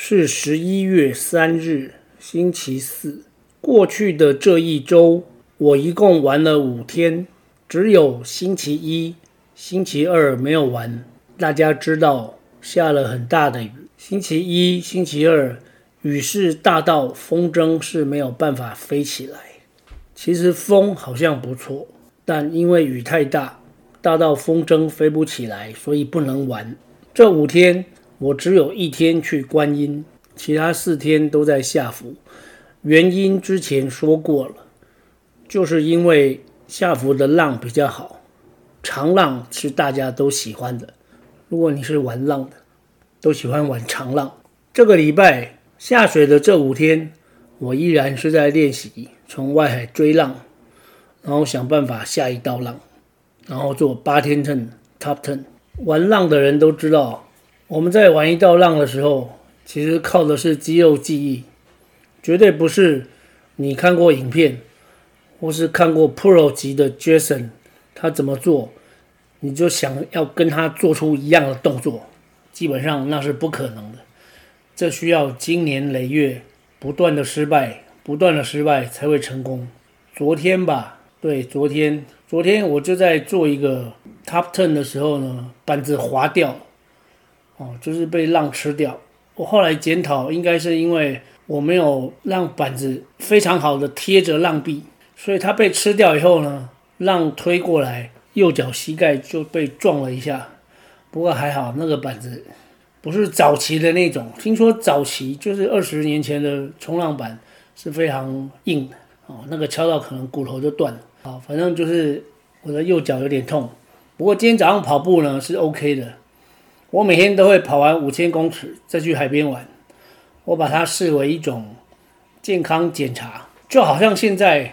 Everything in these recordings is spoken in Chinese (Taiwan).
是十一月三日，星期四。過去的這一周，我一共玩了五天，只有星期一、星期二沒有玩。大家知道，下了很大的雨。星期一、星期二，雨是大到風箏是沒有辦法飛起來。其實風好像不錯，但因為雨太大，大到風箏飛不起來，所以不能玩。這五天。我只有一天去觀音，其他四天都在下福，原因之前說過了，就是因為下福的浪比較好，長浪是大家都喜歡的。如果你是玩浪的，都喜歡玩長浪。這個禮拜下水的這五天，我依然是在練習從外海追浪，然後想辦法下一道浪，然後做 bottom turn、top turn。玩浪的人都知道。我們在玩一道浪的時候，其實靠的是肌肉記憶，絕對不是你看過影片，或是看過 Pro 級的 Jason 他怎麼做，你就想要跟他做出一樣的動作，基本上那是不可能的。這需要經年累月不斷的失敗，不斷的失敗才會成功。昨天吧，對，昨天，昨天我就在做一個 Top Turn 的時候呢，板子滑掉。哦，就是被浪吃掉。我後來檢討，應該是因為我沒有讓板子非常好的貼着浪壁，所以它被吃掉以後呢，浪推過來，右腳膝蓋就被撞了一下。不過還好，那個板子不是早期的那種，聽說早期就是二十年前的衝浪板是非常硬的，哦，那個敲到可能骨頭就斷了。啊、哦，反正就是我的右腳有點痛，不過今天早上跑步呢是 OK 的。我每天都會跑完五千公尺，再去海邊玩。我把它視為一種健康檢查，就好像現在，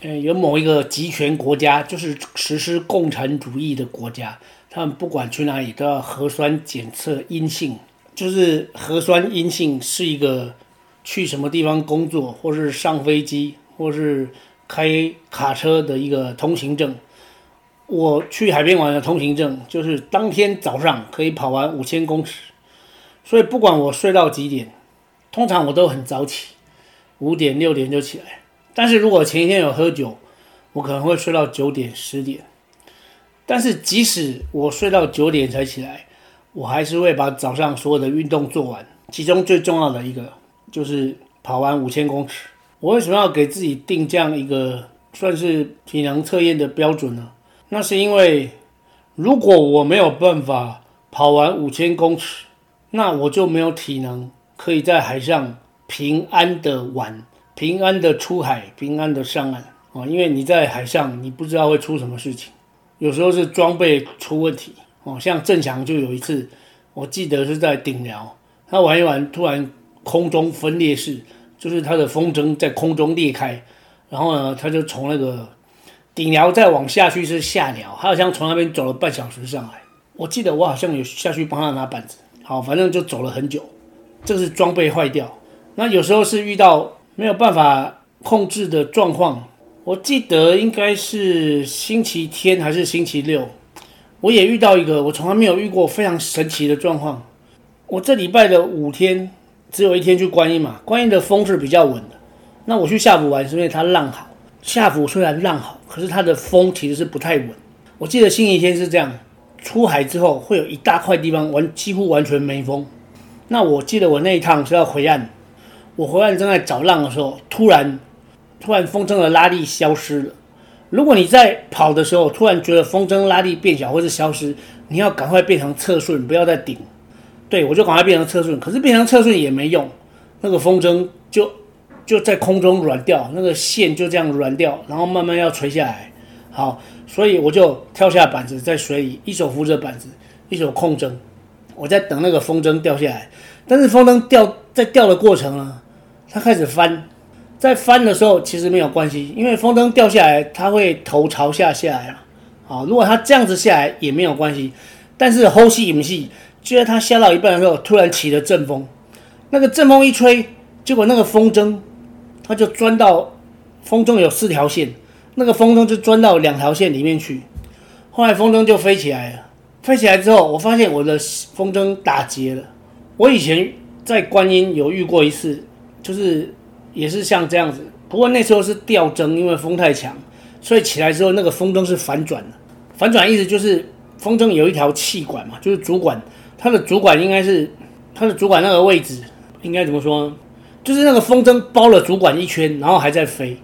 嗯、呃，有某一個極權國家，就是實施共產主義的國家，他們不管去哪裡都要核酸檢測陰性，就是核酸陰性是一個去什麼地方工作，或是上飛機，或是開卡車的一個通行證。我去海邊玩的通行證就是當天早上可以跑完五千公尺，所以不管我睡到幾點，通常我都很早起，五點六點就起來。但是如果前一天有喝酒，我可能會睡到九點十點。但是即使我睡到九點才起來，我還是會把早上所有的運動做完，其中最重要的一個就是跑完五千公尺。我為什麼要給自己定這樣一個算是體能測驗的標準呢？那是因為，如果我沒有辦法跑完五千公尺，那我就沒有體能可以在海上平安的玩、平安的出海、平安的上岸。哦，因為你在海上，你不知道會出什麼事情。有時候是裝備出問題。哦，像鄭強就有一次，我記得是在頂寮，他玩一玩，突然空中分裂式，就是他的風箏在空中裂開，然後呢，他就從那個。頂寮再往下去是下寮，他好像從那邊走了半小時上來。我記得我好像有下去幫他拿板子。好，反正就走了很久。這是裝備壞掉，那有時候是遇到沒有辦法控制的狀況。我記得應該是星期天還是星期六，我也遇到一個我從來沒有遇過非常神奇的狀況。我這禮拜的五天只有一天去觀音嘛，觀音的風是比較穩的。那我去下福玩是因為它浪好，下福雖然浪好。可是它的風其實是不太穩。我記得星期天是這樣，出海之後會有一大塊地方完幾乎完全沒風。那我記得我那一趟是要回岸，我回岸正在找浪的時候，突然突然風箏的拉力消失了。如果你在跑的時候突然覺得風箏拉力變小或是消失，你要趕快變成側順，不要再頂。對，我就趕快變成側順，可是變成側順也沒用，那個風箏就。就在空中軟掉，那個線就這樣軟掉，然後慢慢要垂下來。好，所以我就跳下板子，在水裡一手扶着板子，一手控箏。我在等那個風箏掉下來，但是風箏掉在掉的過程呢，它開始翻。在翻的時候其實沒有關係，因為風箏掉下來，它會頭朝下下來嘛。好，如果它這樣子下來也沒有關係。但是好死不死，就在它下到一半的時候，突然起了陣風。那個陣風一吹，結果那個風箏。它就鑽到風箏有四條線，那個風箏就鑽到兩條線裡面去。後來風箏就飛起來了，飛起來之後，我發現我的風箏打結了。我以前在觀音有遇過一次，就是也是像這樣子，不過那時候是吊針，因為風太強，所以起來之後那個風箏是反轉的。反轉意思就是風箏有一條氣管嘛，就是主管，它的主管應該是它的主管那個位置，應該怎麼說？就是那個風箏包了主管一圈，然後還在飛，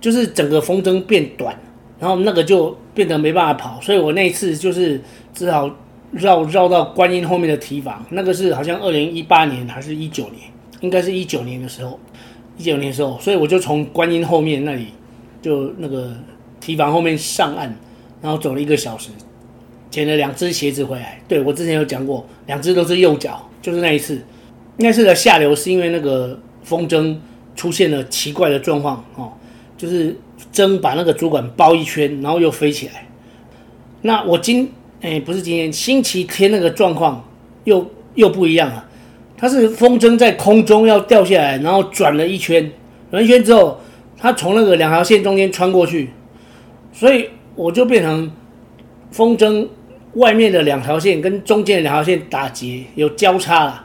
就是整個風箏變短，然後那個就變得沒辦法跑，所以我那一次就是只好繞繞到觀音後面的堤防。那個是好像二零一八年還是一九年，應該是一九年的時候，一九年的時候，所以我就從觀音後面那裡就那個堤防後面上岸，然後走了一個小時，撿了兩隻鞋子回來。對，我之前有講過，兩隻都是右腳，就是那一次，那次的下流是因為那個。風箏出現了奇怪的狀況哦，就是箏，把那個主管包一圈，然後又飛起來。那我今哎，不是今天星期天，那個狀況又又不一樣了，它是風箏在空中要掉下來，然後轉了一圈，轉了一圈之後，它從那個兩條線中間穿過去，所以我就變成風箏外面的兩條線跟中間的兩條線打結，有交叉了，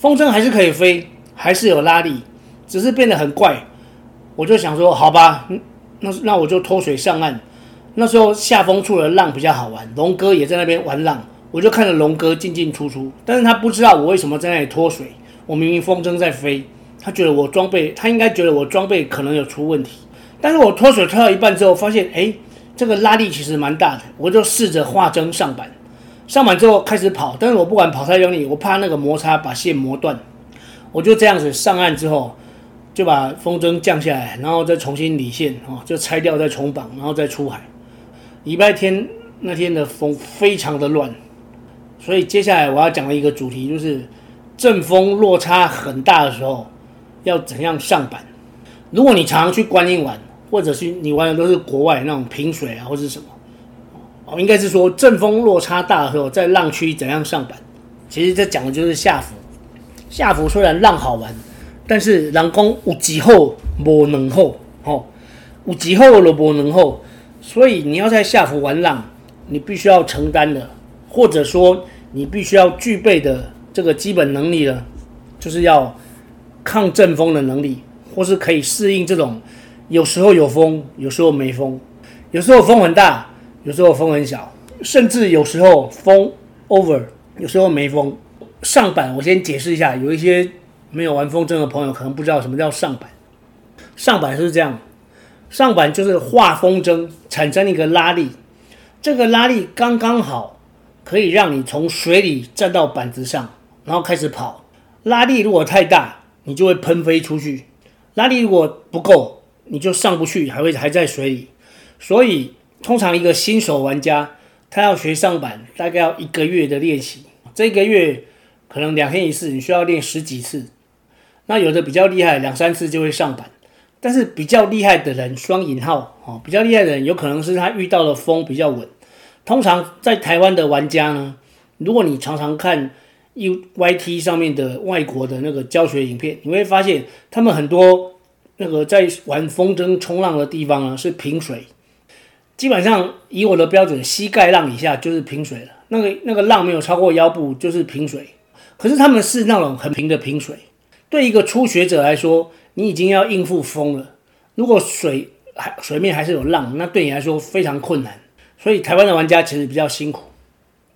風箏還是可以飛。還是有拉力，只是變得很怪。我就想說，好吧，那那我就脫水上岸。那時候下風處的浪比較好玩，龍哥也在那邊玩浪，我就看着龍哥進進出出。但是他不知道我為什麼在那裡脫水，我明明風箏在飛。他覺得我裝備，他應該覺得我裝備可能有出問題。但是我脫水脫到一半之後，發現哎、欸，這個拉力其實蠻大的，我就試着畫箏上板，上板之後開始跑，但是我不敢跑太用力，我怕那個摩擦把線磨斷。我就這樣子上岸之後，就把風箏降下來，然後再重新理線哦，就拆掉再重綁，然後再出海。禮拜天那天的風非常的亂，所以接下來我要講的一個主題就是，陣風落差很大的時候要怎樣上板。如果你常常去觀音玩，或者是你玩的都是國外那種平水啊，或是什麼哦，應該是說陣風落差大的時候在浪區怎樣上板。其實這講的就是下福。下福雖然浪好玩，但是人講有一好無兩好吼，有一好了無兩好，所以你要在下福玩浪，你必須要承擔的，或者說你必須要具備的這個基本能力了，就是要抗陣風的能力，或是可以適應這種有時候有風，有時候沒風，有時候風很大，有時候風很小，甚至有時候風 over，有時候沒風。上板，我先解釋一下，有一些沒有玩風箏的朋友可能不知道什麼叫上板。上板是這樣，上板就是畫風箏產生一個拉力，這個拉力剛剛好可以讓你從水裡站到板子上，然後開始跑。拉力如果太大，你就會噴飛出去；拉力如果不夠，你就上不去，還會還在水裡。所以，通常一個新手玩家他要學上板，大概要一個月的練習。這個月。可能兩天一次，你需要練十幾次。那有的比較厲害，兩三次就會上板。但是比較厲害的人，雙引號哦，比較厲害的人，有可能是他遇到的風比較穩。通常在台灣的玩家呢，如果你常常看 UYT 上面的外國的那個教學影片，你會發現他們很多那個在玩風箏衝浪的地方呢是平水。基本上以我的標準，膝蓋浪以下就是平水了。那個那個浪沒有超過腰部，就是平水。可是他們是那種很平的平水。對一個初學者來說，你已經要應付風了。如果水水面還是有浪，那對你來說非常困難。所以台灣的玩家其實比較辛苦，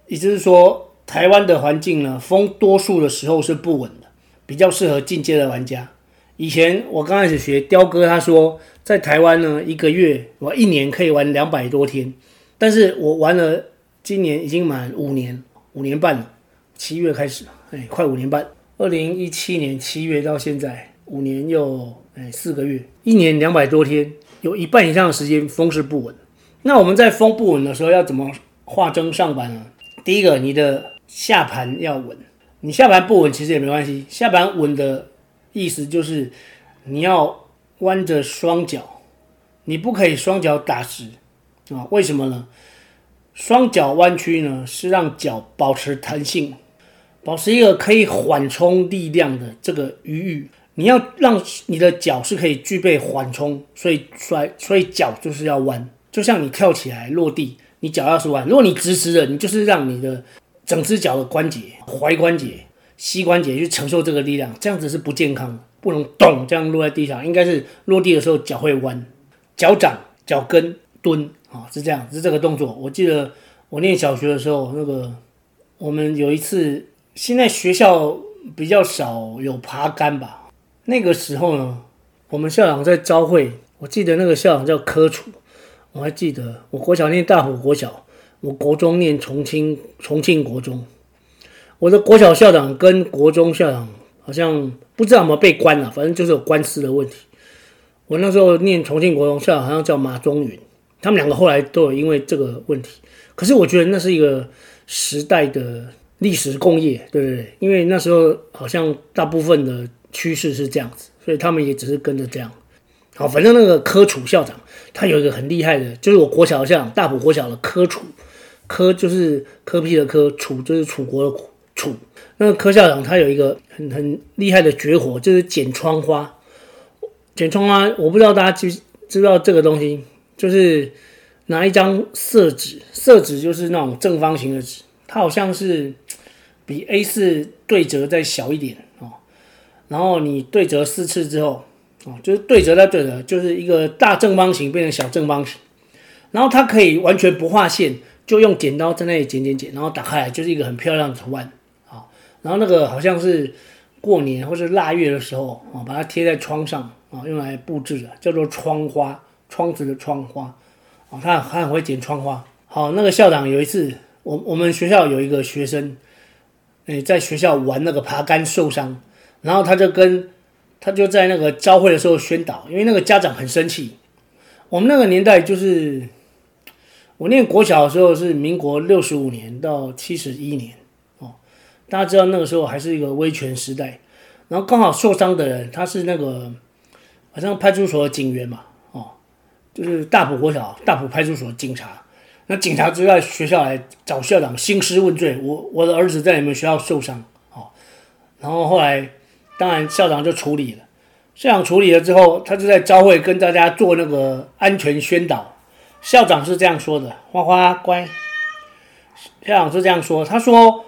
也就是說台灣的環境呢，風多數的時候是不穩的，比較適合進階的玩家。以前我剛開始學雕哥，他說在台灣呢，一個月我一年可以玩兩百多天，但是我玩了今年已經滿五年，五年半了，七月開始了。哎，快五年半，二零一七年七月到現在，五年又哎四個月，一年兩百多天，有一半以上的時間風勢不穩。那我們在風不穩的時候要怎麼化箏上板呢？第一個，你的下盤要穩。你下盤不穩其實也沒關係，下盤穩的意思就是你要彎着雙腳，你不可以雙腳打直啊？為什麼呢？雙腳彎曲呢，是讓腳保持彈性。保持一個可以緩衝力量的這個餘裕，你要讓你的腳是可以具備緩衝，所以摔，所以腳就是要彎，就像你跳起來落地，你腳要是彎。如果你直直的，你就是讓你的整隻腳的關節、踝關節、膝關節去承受這個力量，這樣子是不健康的，不能動。這樣落在地上，應該是落地的時候腳會彎，腳掌、腳跟蹲，啊，是這樣，是這個動作。我記得我念小學的時候，那個我們有一次。現在學校比較少有爬桿吧？那個時候呢，我們校長在朝會，我記得那個校長叫柯楚。我還記得，我國小念大虎國小，我國中念重慶重慶國中。我的國小校長跟國中校長好像不知道有沒有被關了，反正就是有官司的問題。我那時候念重慶國中校長好像叫馬宗雲，他們兩個後來都有因為這個問題。可是我覺得那是一個時代的。歷史工業，對不對？因為那時候好像大部分的趨勢是這樣子，所以他們也只是跟着這樣。好，反正那個柯楚校長，他有一個很厲害的，就是我國小校長，大埔國小的柯楚，柯就是柯 P 的柯，楚就是楚國的楚。那個柯校長他有一個很很厲害的絕活，就是剪窗花。剪窗花，我不知道大家知知道這個東西，就是拿一張色紙，色紙就是那種正方形的紙，它好像是。比 A4 對折再小一點哦，然後你對折四次之後哦，就是對折再對折，就是一個大正方形變成小正方形，然後它可以完全不畫線，就用剪刀在那裡剪剪剪，然後打開來就是一個很漂亮的圖案啊、哦。然後那個好像是過年或是臘月的時候啊、哦，把它貼在窗上啊、哦，用來佈置的，叫做窗花，窗子的窗花啊。他、哦、他很會剪窗花。好、哦，那個校長有一次，我我們學校有一個學生。哎，在學校玩那個爬桿受傷，然後他就跟，他就在那個朝會的時候宣導，因為那個家長很生氣。我們那個年代就是，我念國小的時候是民國六十五年到七十一年哦，大家知道那個時候還是一個威權時代，然後剛好受傷的人他是那個好像派出所的警員嘛哦，就是大埔國小大埔派出所的警察。那警察就在學校來找校長興師問罪。我我的兒子在你們學校受傷哦，然後後來當然校長就處理了。校長處理了之後，他就在朝會跟大家做那個安全宣導。校長是這樣說的：“花花乖，校長是這樣說，他說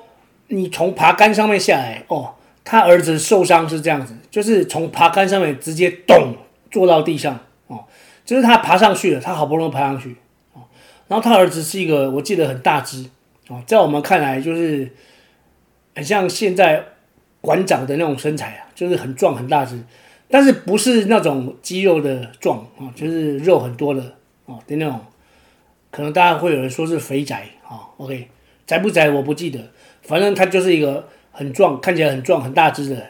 你從爬桿上面下來哦。他兒子受傷是這樣子，就是從爬桿上面直接咚坐到地上哦，就是他爬上去了，他好不容易爬上去。”然後他兒子是一個，我記得很大只啊，在我們看來就是很像現在館長的那種身材啊，就是很壯很大只，但是不是那種肌肉的壯啊，就是肉很多的哦的那種，可能大家會有人說是肥宅啊，OK，宅不宅我不記得，反正他就是一個很壯，看起來很壯很大只的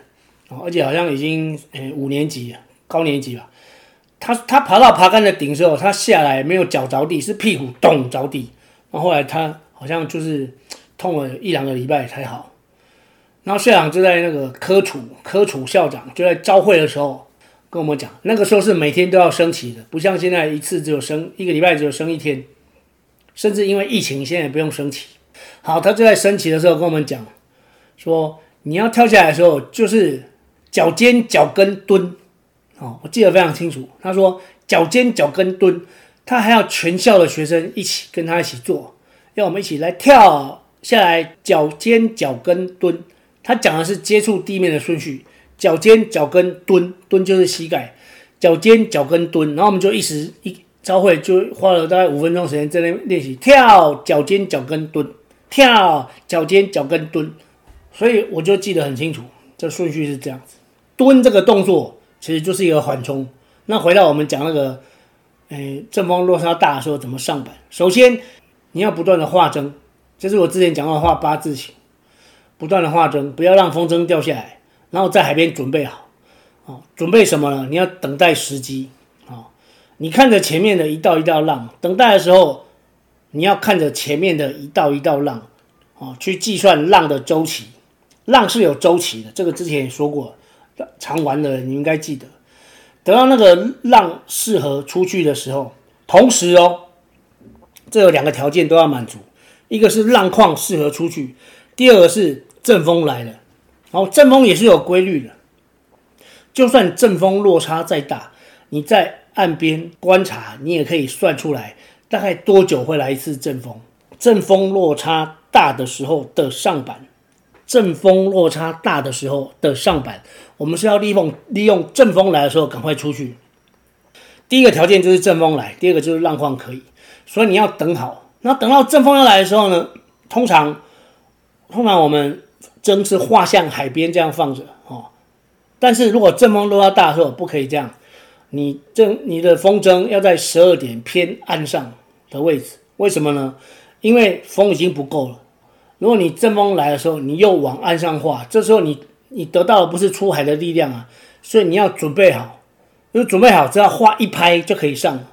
啊，而且好像已經誒五年級，高年級吧。他他爬到爬桿的頂時候，他下來沒有腳着地，是屁股咚着地。然後後來他好像就是痛了一兩個禮拜才好。然後校長就在那個科處，科處校長就在朝會的時候跟我們講，那個時候是每天都要升旗的，不像現在一次只有升，一個禮拜只有升一天，甚至因為疫情現在也不用升旗。好，他就在升旗的時候跟我們講，說你要跳下來的時候就是腳尖腳跟蹲。哦，我記得非常清楚。他說腳尖腳跟蹲，他還要全校的學生一起跟他一起做，要我們一起來跳下來，腳尖腳跟蹲。他講的是接觸地面的順序，腳尖腳跟蹲，蹲就是膝蓋，腳尖腳跟蹲。然後我們就一時一朝會就花了大概五分鐘時間在那練習跳腳尖腳跟蹲，跳腳尖腳跟蹲。所以我就記得很清楚，這順序是這樣子，蹲這個動作。其實就是一個緩衝。那回到我們講那個，哎，陣風落差大的時候怎麼上板？首先你要不斷的畫箏，這是我之前講到畫八字形，不斷的畫箏，不要讓風箏掉下來。然後在海邊準備好，啊，準備什麼呢？你要等待時機，啊，你看着前面的一道一道浪，等待的時候你要看着前面的一道一道浪，啊，去計算浪的周期，浪是有周期的，這個之前也說過。常玩的人，你應該記得，等到那個浪適合出去的時候，同時哦，這有兩個條件都要滿足，一個是浪況適合出去，第二個是陣風來了，然後陣風也是有規律的，就算陣風落差再大，你在岸邊觀察，你也可以算出來大概多久會來一次陣風，陣風落差大的時候的上板。陣風落差大的時候的上板，我們是要利用利用陣風來的時候趕快出去。第一個條件就是陣風來，第二個就是浪況可以，所以你要等好。那等到陣風要來的時候呢，通常通常我們箏，是畫向海邊這樣放着哦。但是如果陣風落差大的時候不可以這樣，你正，你的風箏要在十二點偏岸上的位置，為什麼呢？因為風已經不夠了。如果你陣風來的時候，你又往岸上划，這時候你你得到的不是出海的力量啊，所以你要準備好，就準備好，只要划一拍就可以上。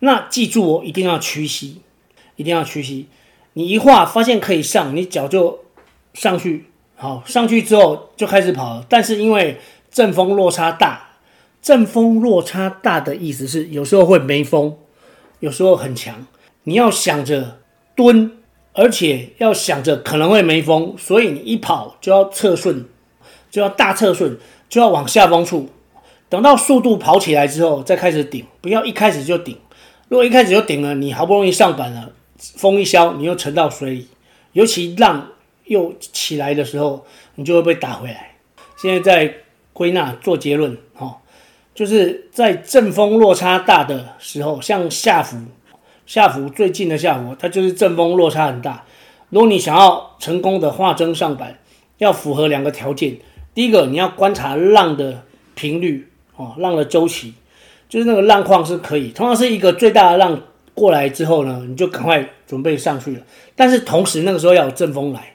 那記住哦，一定要屈膝，一定要屈膝。你一划發現可以上，你腳就上去，好，上去之後就開始跑了。但是因為陣風落差大，陣風落差大的意思是有時候會沒風，有時候很強，你要想着蹲。而且要想着可能會沒風，所以你一跑就要側順，就要大側順，就要往下風處。等到速度跑起來之後再開始頂，不要一開始就頂。如果一開始就頂了，你好不容易上板了，風一消你又沉到水裡，尤其浪又起來的時候，你就會被打回來。現在在歸納做結論，就是在陣風落差大的時候向下浮。下福最近的下福，它就是陣風落差很大。如果你想要成功的化增上板，要符合兩個條件：第一個，你要觀察浪的頻率哦，浪的周期，就是那個浪況是可以。通常是一個最大的浪過來之後呢，你就趕快準備上去了。但是同時那個時候要有陣風來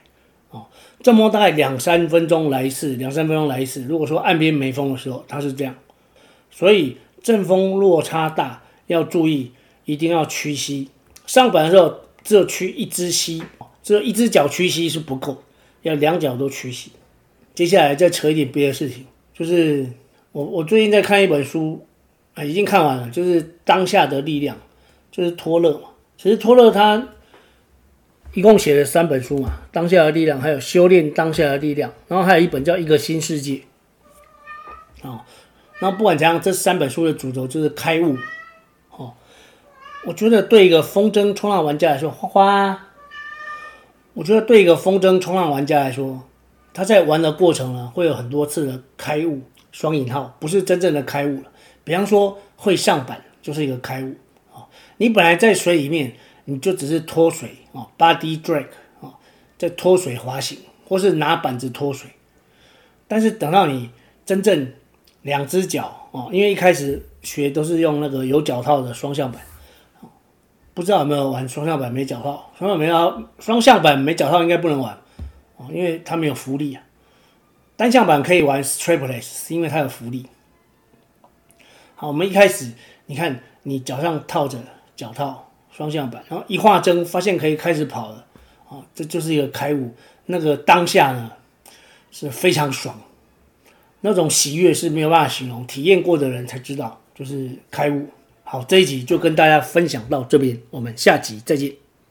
哦，陣風大概兩三分鐘來一次，兩三分鐘來一次。如果說岸邊沒風的時候，它是這樣，所以陣風落差大要注意。一定要屈膝，上板的時候只有屈一隻膝，只有一隻腳屈膝是不夠，要兩腳都屈膝。接下來再扯一點別的事情，就是我我最近在看一本書啊、哎，已經看完了，就是當、就是《當下的力量》，就是托勒嘛。其實托勒他一共寫了三本書嘛，《當下的力量》，還有《修煉當下的力量》，然後還有一本叫《一個新世界》。哦，那不管怎樣，這三本書的主軸就是開悟。我覺得對一個風箏衝浪玩家來說，花花，我覺得對一個風箏衝浪玩家來說，他在玩的過程呢，會有很多次的開悟。雙引號不是真正的開悟了。比方說，會上板就是一個開悟啊、哦。你本來在水裡面，你就只是脫水啊、哦，body drag 啊、哦，在脫水滑行，或是拿板子脫水。但是等到你真正兩隻腳啊、哦，因為一開始學都是用那個有腳套的雙向板。不知道有沒有玩雙向板沒腳套，雙向板沒腳套，套應該不能玩哦，因為它沒有浮力啊。單向板可以玩 strapless，是因為它有浮力。好，我們一開始你看你腳上套着腳套雙向板，然後一畫針發現可以開始跑了啊、哦，這就是一個開悟。那個當下呢，是非常爽，那種喜悅是沒有辦法形容，體驗過的人才知道，就是開悟。好，這一集就跟大家分享到這邊，我們下集再見。